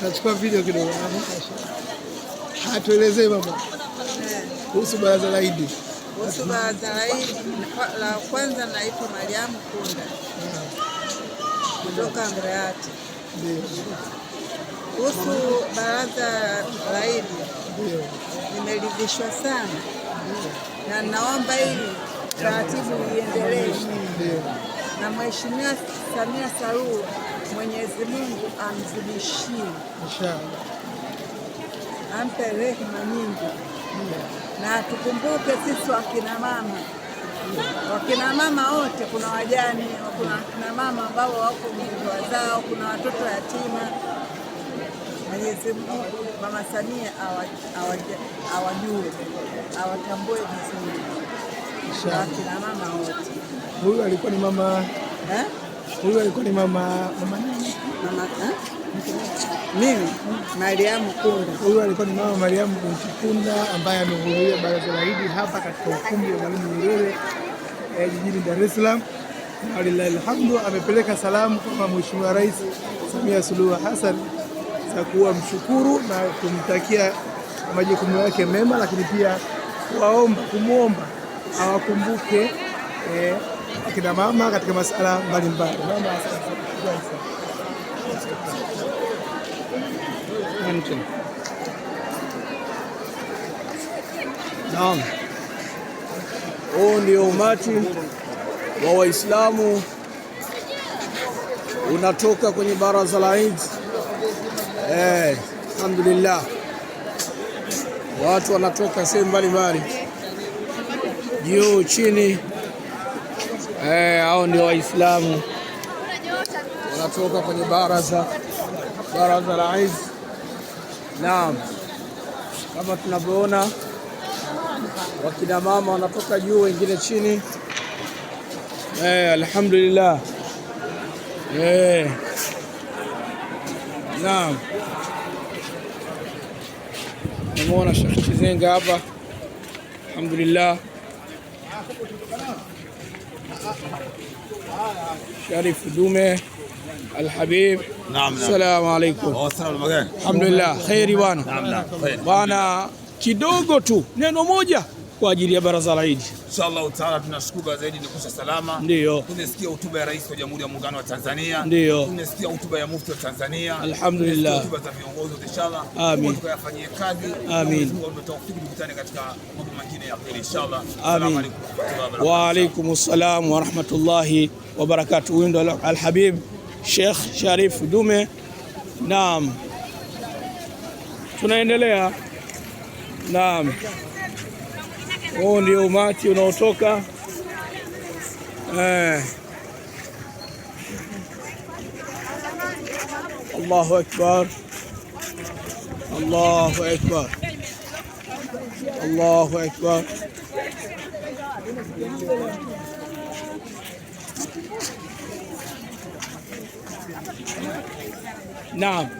Tachukua video kidogo, hatuelezee baba kuhusu baraza la Idi. Kuhusu baraza la Idi, la kwanza naitwa Mariamu Kunda kutoka Mreati. Kuhusu baraza la Idi, nimeridhishwa sana na naomba hili taratibu iendelee na Mheshimiwa Samia Suluhu, Mwenyezi Mungu amzidishie, inshallah, ampe rehema nyingi yeah. Na tukumbuke sisi wakina mama wakina mama wote, kuna wajane, kuna wakina mama ambao wako nyumba zao, kuna watoto yatima. Mwenyezi Mungu Mama Samia awajue, awatambue vizuri wakina mama wote. Huyu alikuwa ni mama eh? Huyu alikuwa ni mama mama nani? Mama eh? Mimi Mariamu Kunda. Huyu alikuwa ni mama Mariamu binti Kunda ambaye amehudhuria baraza la Idi hapa katika ukumbi wa Mwalimu Nyerere eh, jijini Dar es Salaam. Alhamdu amepeleka salamu kwa Mheshimiwa Rais Samia Suluhu Hassan za kuwa mshukuru na kumtakia majukumu yake mema, lakini pia kuwaomba kumwomba awakumbuke eh, akina mama katika masala mbalimbali. Naam, huu ndio umati wa Waislamu unatoka kwenye baraza la Eid. Eh, alhamdulillah, watu wanatoka sehemu mbalimbali, juu chini eh, hao ndio Waislamu wanatoka kwenye baraza baraza la Iz. Naam, kama tunavyoona wakina mama wanatoka juu, wengine chini. Eh, alhamdulillah. Eh, naam, namuona Sheikh Kizenga hapa, alhamdulillah. Sharifu Dume Alhabib, oh, assalamu alaikum. Alhamdulillah, kheri bwana bwana, kidogo tu neno moja kwa ajili ya baraza la Idi. Inshallah taala tunashukuru zaidi ni kusha salama. Ndio. Tumesikia hotuba ya Rais wa Jamhuri ya Muungano wa Tanzania. Ndio. Tumesikia hotuba ya Mufti wa Tanzania. Alhamdulillah. Hotuba za viongozi inshallah. Amin. Tukayafanyie kazi. Amin. Tutaufiki tukutane katika mambo mengine ya pili inshallah. Amin. Wa alaykum salaam wa rahmatullahi wa barakatuh. Huyu ndo Alhabib Sheikh Sharif Dume. Naam. Tunaendelea. Naam. Huu ndio umati unaotoka eh. Allahu Ekber, Allahu Ekber, Allahu Ekber. Naam.